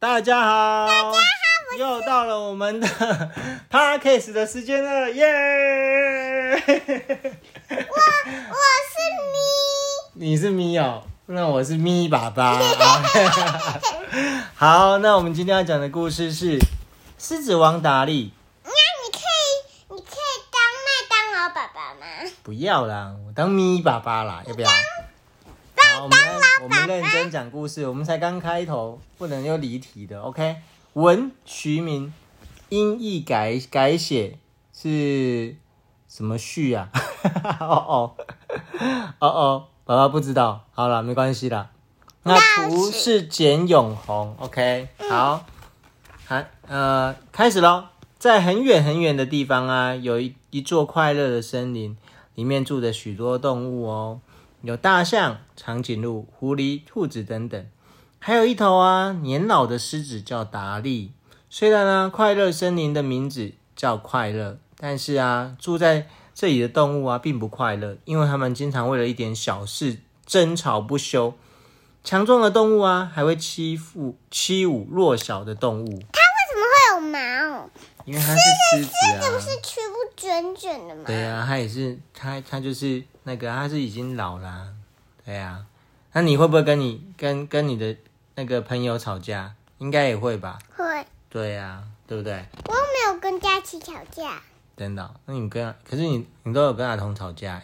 大家好，大家好我，又到了我們的 podcast 的時間了，耶、yeah!！我我是咪，你是咪哦。那我是咪爸爸、啊。 好，那我們今天要講的故事是《獅子王》達利。那你可以，你可以當麥當勞爸爸嗎？不要啦，我當咪爸爸啦，要不要？不當，麥當勞。我們認真講故事，我們才剛開頭，不能又離題的，OK？文徐明音譯改改寫是什麼序啊，哈哈哈，哦哦哦哦，寶寶不知道，好了，沒關係啦。那圖是簡永紅，OK？好，好、啊，呃，開始嘍。在很遠很遠的地方啊，有一一座快樂的森林，裡面住着許多動物哦。有大象、長頸鹿、狐狸、兔子等等，還有一頭啊年老的獅子叫達利。雖然呢啊，快樂森林的名字叫快樂，但是啊住在這裡的動物啊並不快樂，因為他們經常為了一點小事爭吵不休。強壯的動物啊還會欺負欺侮弱小的動物。它為什麼會有毛？因為它是獅子啊。捲捲的嘛？對啊，他也是，他他就是那個，他是已經老了，啊，對啊。那你會不會跟你跟跟你的那個朋友吵架？應該也會吧。會。對啊，對不對？我又沒有跟佳琪吵架。真的？哦？那你跟可是你你都有跟阿童吵架。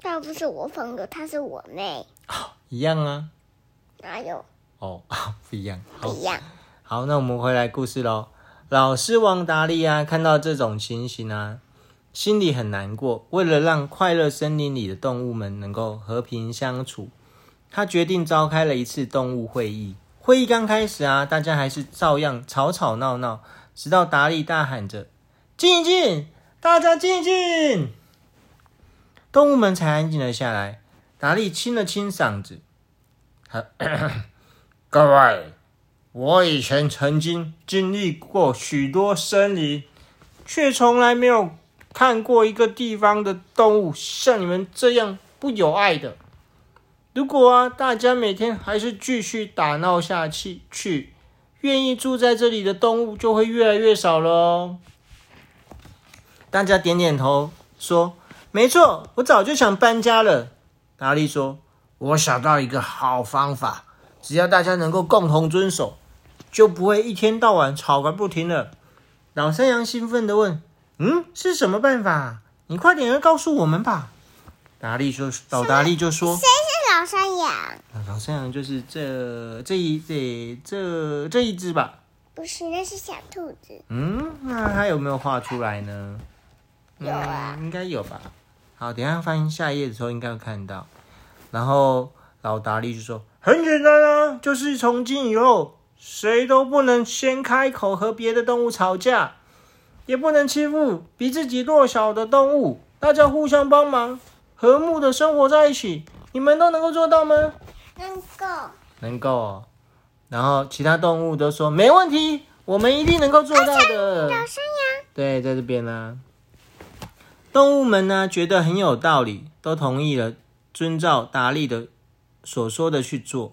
她不是我朋友，她是我妹。哦，一樣啊。哪有？哦，不一樣。不一樣。好，那我們回來故事嘍。獅子王達利啊，看到這種情形啊，心裡很難過。為了讓快樂森林裡的動物們能夠和平相處，他決定召開了一次動物會議。會議剛開始啊，大家還是照樣吵吵鬧鬧。直到達利大喊着：“靜一靜，大家靜一靜！”動物們才安靜了下來。達利清了清嗓子咳咳：“各位，我以前曾經經歷過許多生離，卻從來沒有。”看過一個地方的動物，像你們這樣不友愛的。如果啊，大家每天還是繼續打鬧下去，去願意住在這裡的動物就會越來越少嘍、哦。大家點點頭，說：“沒錯，我早就想搬家了。”達利說：“我想到一個好方法，只要大家能夠共同遵守，就不會一天到晚吵個不停了。”老山羊興奮的問。嗯，是什麼辦法？你快點來告訴我們吧。達利說：“老達利就說，誰是老山羊？老山羊就是這這一這這這一隻吧？不是，那是小兔子。嗯，那它有沒有畫出來呢？嗯，有啊，應該有吧。好，等一下翻下一頁的時候應該會看到。然後老達利就說：很簡單啊，就是從今以後，誰都不能先開口和別的動物吵架。”也不能欺負比自己弱小的動物，大家互相幫忙，和睦的生活在一起。你們都能夠做到嗎？能夠，能夠。然後其他動物都說沒問題，我們一定能夠做到的。小山羊。對，在這邊呢、啊。動物們呢，覺得很有道理，都同意了，遵照達利的所說的去做。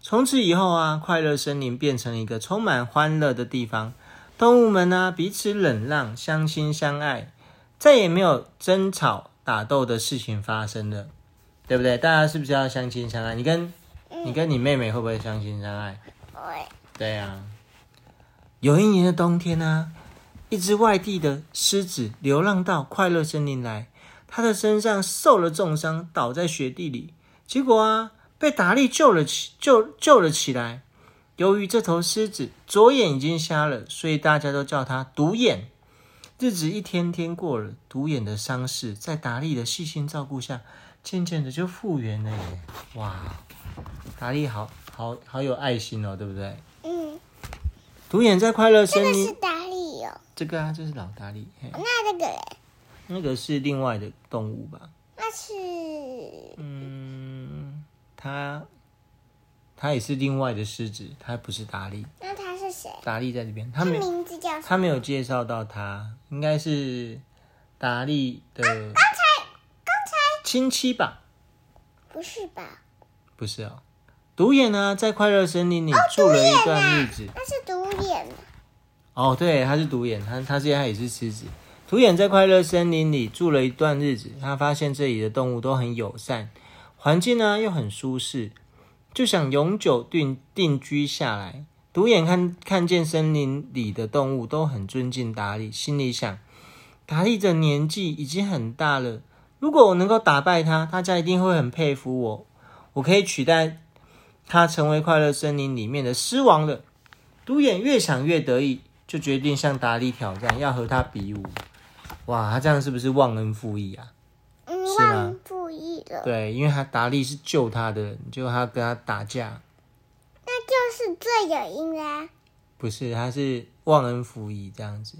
從此以後啊，快樂森林變成了一個充滿歡樂的地方。動物們呢、啊，彼此忍讓，相親相愛，再也沒有爭吵、打鬥的事情發生了，對不對？大家是不是要相親相愛？你跟，你跟你妹妹會不會相親相愛？對、嗯，對啊。有一年的冬天呢、啊，一只外地的獅子流浪到快樂森林來，它的身上受了重傷，倒在雪地裡，結果啊，被達利救了起，救救了起來。由於這頭獅子左眼已經瞎了，所以大家都叫它獨眼。日子一天天過了，獨眼的傷勢在達利的細心照顧下，漸漸的就復原了耶！哇，達利好好好有愛心哦，對不對？嗯。獨眼在快樂森林。這個是達利哦。這個啊，這是老達利嘿。那這個嘞？那個是另外的動物吧？那是。嗯，它。他也是另外的獅子，他不是達利。那他是誰？達利在這邊，他名字叫……他沒有介紹到他，應該是達利的親。剛、啊、才，剛才親戚吧？不是吧？不是哦。獨眼呢、啊，在快樂森林裡住了一段日子。他、哦啊、是獨眼、啊。哦，對，他是獨眼，他他現在也是獅子。獨眼在快樂森林裡住了一段日子，他發現這裡的動物都很友善，環境呢、啊、又很舒適。就想永久定定居下來。獨眼看看見森林裡的動物都很尊敬達利，心裡想，達利的年紀已經很大了，如果我能夠打敗他，大家一定會很佩服我，我可以取代他成為快樂森林裡面的獅王了。獨眼越想越得意，就決定向達利挑戰，要和他比武。哇，他這樣是不是忘恩負義啊？嗯，是嗎？對，因為他達利是救他的，就他跟他打架，那就是罪有應得啦，啊。不是，他是忘恩負義這樣子。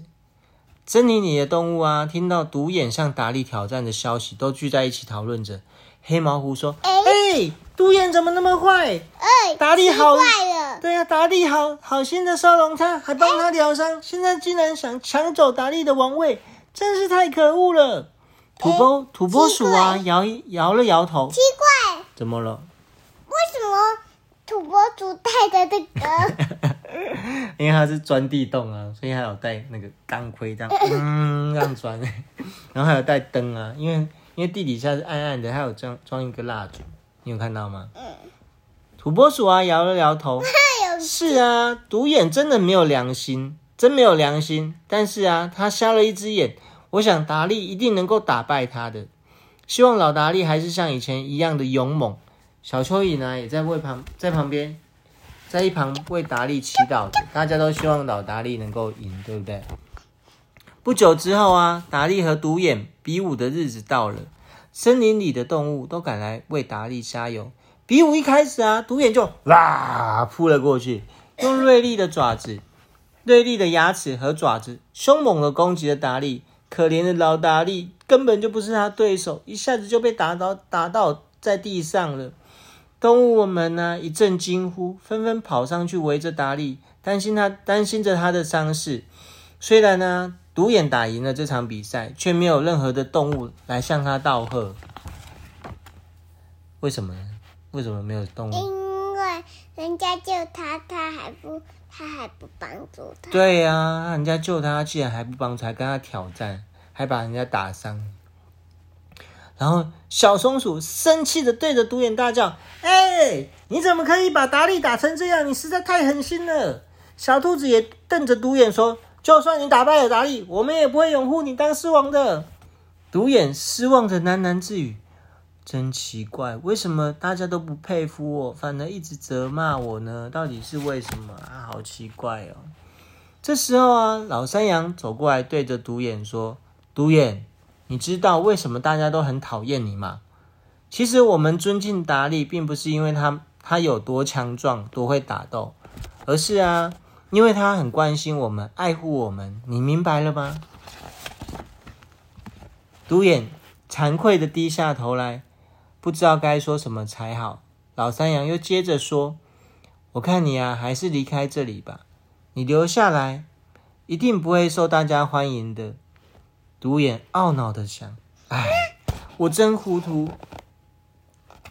珍妮你的動物啊，聽到獨眼向達利挑戰的消息，都聚在一起討論着。黑毛狐說：“哎，欸欸，獨眼怎麼那麼壞？欸，達利好壞了。」對啊，達利好好心的收容他，還幫他療傷，欸，現在竟然想搶走達利的王位，真是太可惡了。”土撥土撥鼠啊，搖、欸、搖了搖頭。奇怪，怎麼了？為什麼土撥鼠戴的這個？ 因為它是鑽地洞啊，所以它有帶那個鋼盔這樣，嗯，這樣鑽。 然後還有帶燈啊，因為因為地底下是暗暗的，還有裝裝一個蠟燭，你有看到嗎？嗯、土撥鼠啊，搖了搖頭。有是啊，獨眼真的沒有良心，真沒有良心。但是啊，它瞎了一隻眼。我想達利一定能夠打敗他的。希望老達利還是像以前一樣的勇猛。小蚯蚓呢，也在為旁在旁邊，在一旁為達利祈禱。大家都希望老達利能夠贏，對不對？不久之後啊，達利和獨眼比武的日子到了。森林裡的動物都趕來為達利加油。比武一開始啊，獨眼就啦撲了過去，用銳利的爪子，銳利的牙齒和爪子，兇猛的攻擊了達利。可憐的老達利根本就不是他對手，一下子就被打倒打倒在地上了。動物們呢，一陣驚呼，紛紛跑上去圍着達利，擔心他，擔心着他的傷勢。雖然呢，獨眼打贏了這場比賽，卻沒有任何的動物來向他道賀。為什麼呢？為什麼沒有動物？人家救他，他還不，他還不幫助他。對呀，人家救他，竟然還不幫助，還跟他挑戰，還把人家打傷。然後小松鼠生氣的對着獨眼大叫：“哎，你怎麼可以把達利打成這樣？你實在太狠心了！”小兔子也瞪着獨眼說：“就算你打敗了達利，我們也不會擁護你當獅王的。”獨眼失望的喃喃自語。真奇怪，為什麼大家都不佩服我，反而一直責罵我呢？到底是為什麼啊？好奇怪哦！這時候啊，老山羊走過來，對着獨眼說：“獨眼，你知道為什麼大家都很討厭你嗎？其實我們尊敬達利，並不是因為他他有多強壯、多會打鬥，而是啊，因為他很關心我們，愛護我們。你明白了嗎？”獨眼慚愧地低下頭來。不知道該說什麼才好。老山羊又接着說：“我看你啊，還是離開這裡吧。你留下來，一定不會受大家歡迎的。”獨眼懊惱的想：“唉，我真糊塗，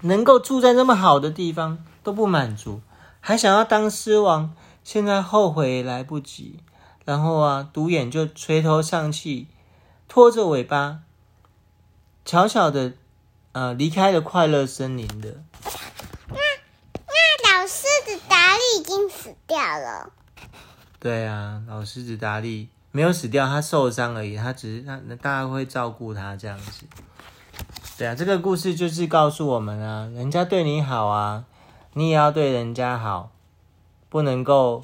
能夠住在那麼好的地方都不滿足，還想要當獅王。現在後悔來不及。”然後啊，獨眼就垂頭喪氣，拖着尾巴，悄悄的。呃，離開了快樂森林的。那那老獅子達利已經死掉了。對啊，老獅子達利沒有死掉，他受傷而已，他只是他大家會照顧他這樣子。對啊，這個故事就是告訴我們啊，人家對你好啊，你也要對人家好，不能夠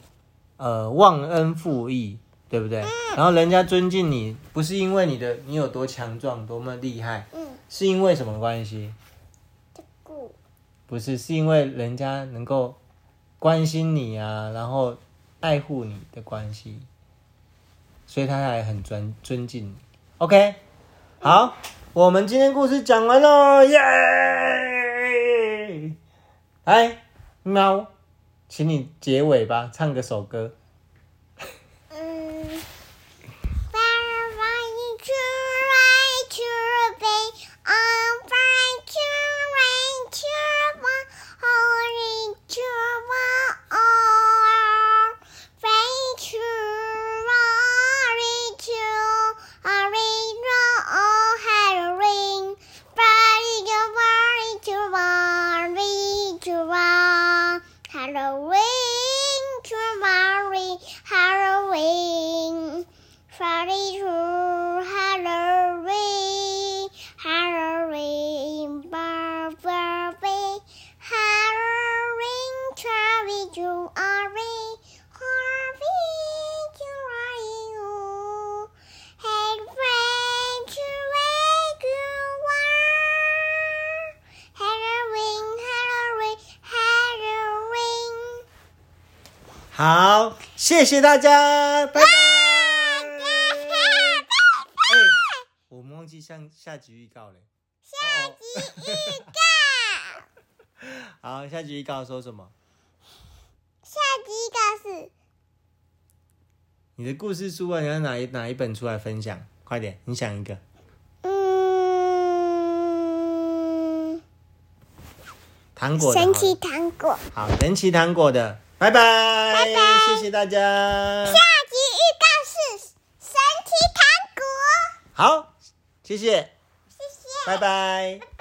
呃忘恩負義，對不對？嗯。然後人家尊敬你，不是因為你的你有多強壯，多麼厲害。嗯是因為什麼關係？不是，是因為人家能夠關心你啊，然後愛護你的關係，所以他還很尊尊敬你。OK，好，嗯、我們今天故事講完嘍，耶！哎，喵，請你結尾吧，唱個首歌。好，謝謝大家，拜拜。拜拜。欸，我忘記上下集預告了。下集預告、告。哦。 好，下集預告說什麼？下集預告是你的故事書啊，你要哪一哪一本出來分享？快點，你想一個。嗯，糖果，神奇糖果。好，神奇糖果的。拜拜，拜拜，謝謝大家。下集預告是《神奇糖果》。好，謝謝，謝謝，拜拜。